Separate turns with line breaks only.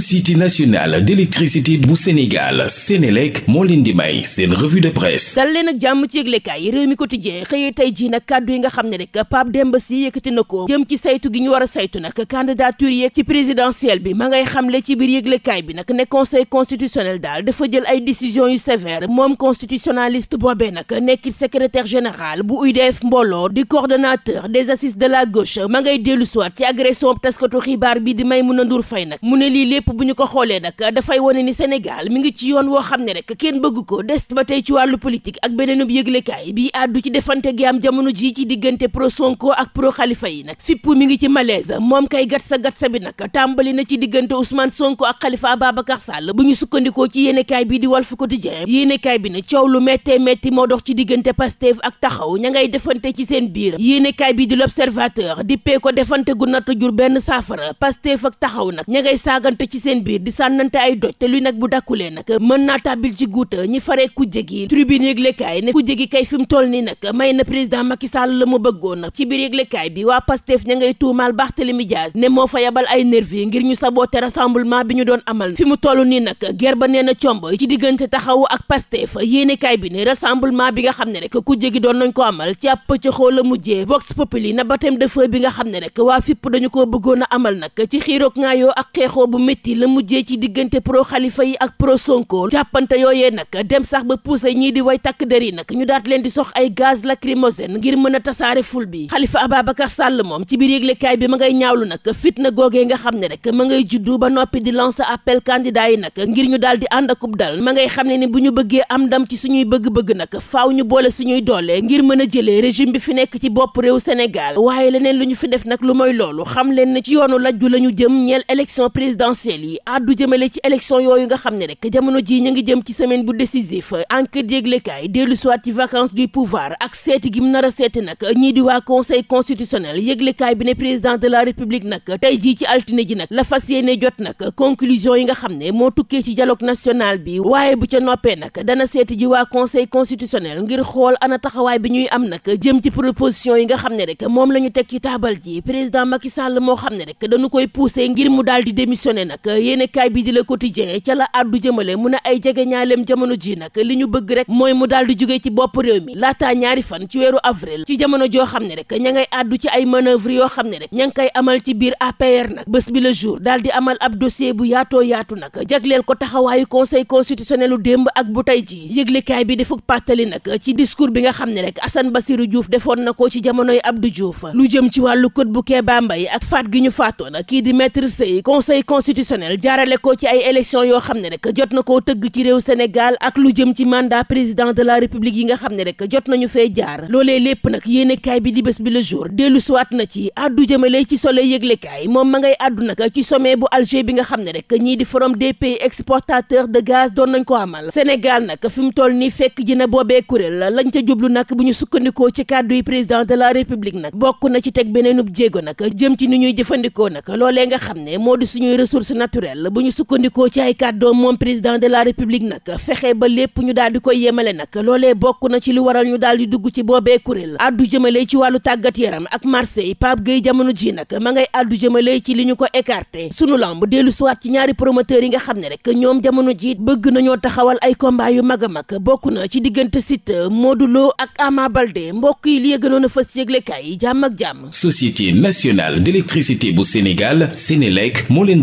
société nationale d'électricité bu Sénégal Sénélec moo leen di may seen revue de presse dal ak jàmm ci yëglekaay yi réew mi quotidien xëyee tey ji nag kàddu yi nga xam ne rek Pape Demba yëkkati na ko jëm ci saytu gi ñu war saytu nag candidature yeeg ci présidentielle bi ma ngay xamle ci biir yëglekaay bi nag ne conseil constitutionnel daal dafa jël ay décisions yu sévère moom constitutionnaliste boobee nag nekkit secrétaire général bu UDF yëpp bu ñu ko xoolee nag dafay wane ni Sénégal mi ngi ci yoon woo xam ne rek kenn bëgg ko des ba tey ci wàllu politique ak beneenub yëglekaay bi àddu ci defante gi am jamono ji ci diggante pro Sonko ak pro Khalifa yi nag fippu mi ngi ci malaise moom kay gat sa gat sa bi nag tàmbali na ci diggante Ousmane Sonko ak Khalifa Ababacar Sall bu ñu sukkandikoo ci yéenekaay bi di wal Walf Quotidien yéenekaay bi ne coow lu méttee métti moo dox ci diggante Pastef ak taxaw ña ngay defante ci seen biir yéenekaay bi di L'Observateur di pee ko defante gu benn saafara Pastef ak taxaw nag ña ngay saagante jàppante ci seen biir di sànnante ay doj te luy nag bu dakkulee nag mën naa tàbbil ci guuta ñi faree kujje gi tribune yëglekaay ne kujje gi kay na président Macky Sall la mu bëggoon ci biir yëglekaay bi waa Pastef ña ngay tuumaal Barthélémy Dias ne moo fa yabal ay nervi ngir ñu saboter rassemblement bi ñu doon amal fi mu toll nii nag ger ba nee na ci diggante taxawu ak Pastef yéenekaay bi ne rassemblement bi nga xam ne rek kujje gi doon nañ ko amal ci ab la mujjee vox populi na baptême de feu bi nga xam ne rek a métti la mujjee ci diggante pro xalifa yi ak pro Sonko jàppante yooyee nag dem sax ba poussé ñii di way takk der yi nag ñu daat leen di sox ay gaz lacrymogène ngir mën a tasaare ful bi xalifa Ababacar Sall moom ci biir yëglekaay bi ma ngay ñaawlu nag fitna googee nga xam ne rek ma ngay juddu ba noppi di lancer appel candidat yi nag ngir ñu daal di ànd akub dal ma ngay xam ne ni bu ñu bëggee am ndam ci suñuy bëgg-bëgg nag faaw ñu boole suñuy doole ngir mën a jëlee régime bi fi nekk ci bopp réew Sénégal waaye leneen lu ñu fi def nag lu mooy loolu xam leen ne ci yoonu lajju la ñu jëm ñeel élection présidentielle présidentielle yi addu jëmale ci élection yooyu nga xam ne rek jamono ji ñu ngi jëm ci semaine bu décisif enquête yéeglekaay dellu soit ci vacances du pouvoir ak seeti gi mu nar a seeti nag ñii di waa conseil constitutionnel yéeglekaay bi ne président de la république nag tey jii ci altine ji nag la fas yéene jot nag conclusion yi nga xam ne moo tukkee ci dialogue national bi waaye bu ca noppee nag dana seeti ji waa conseil constitutionnel ngir xool ana taxawaay bi ñuy a nag jëm ci proposition yi nga xam ne moom la ñu teg ci taabal ji président Macky Sall moo xam ne rek dañu koy poussé mu daal di démissionné nag nag yéene kaay bi di la quotidien ca la addu jëmale mu ay jege ñaaleem jamono ji nag li ñu bëgg rek mooy mu daal di jógee ci bopp réew mi laataa ñaari fan ci weeru avril ci jamono joo xam ne rek ña ngay ci ay manœuvre yoo xam ne rek ña ngi koy amal ci biir APR nag bés bi le jour daal di amal ab dossier bu yaatoo yaatu nag jagleel ko taxawaayu conseil constitutionnel lu démb ak bu tey ji yëglekaay bi defuk pàttali nag ci discours bi nga xam ne rek Assane Bassirou Diouf defoon na ko ci jamonoy Abdou Diouf lu jëm ci wàllu code bu Kéba Mbaye ak constitutionnel jaarale ko ci ay élection yoo xam ne rek jot na koo tëgg ci réew Sénégal ak lu jëm ci mandat président de la république yi nga xam ne rek jot nañu fee jaar loolee lépp nag yéenekaay bi di bés bi le jour dellu siwaat na ci àddu jëmale ci soleil yëglekaay moom ma ngay àddu nag ci sommet bu Alger bi nga xam ne rek ñii di forum des pays exportateurs de gaz doon nañ ko amal Sénégal nag fi mu toll fekk ji na boobee kuréel lañ ca jublu nag bu ñu sukkandikoo la république nag bokk na ci teg naturel bu ñu sukkandikoo ci ay kàddoom moom président de la république nag fexe ba lépp ñu daal di koy yemale nag loole bokk na ci li waral ñu daal di dugg ci boobee kuréel addu jëmale ci wàllu tàggat yaram ak Marseille Pape Gueye jamono ji nag ma ngay addu jëmale ci li ñu ko écarté sunu lamb dellu soit ci ñaari promoteurs yi nga xam ne rek ñoom jamono ji bëgg nañoo taxawal ay combat yu mag a mag bokk na ci diggante Siteu Modou Lo ak Ama Baldé mbokk yi li gënoon a fës yëglekaay yi jàmm ak jàmm société nationale d'électricité bu Sénégal Sénélec moo leen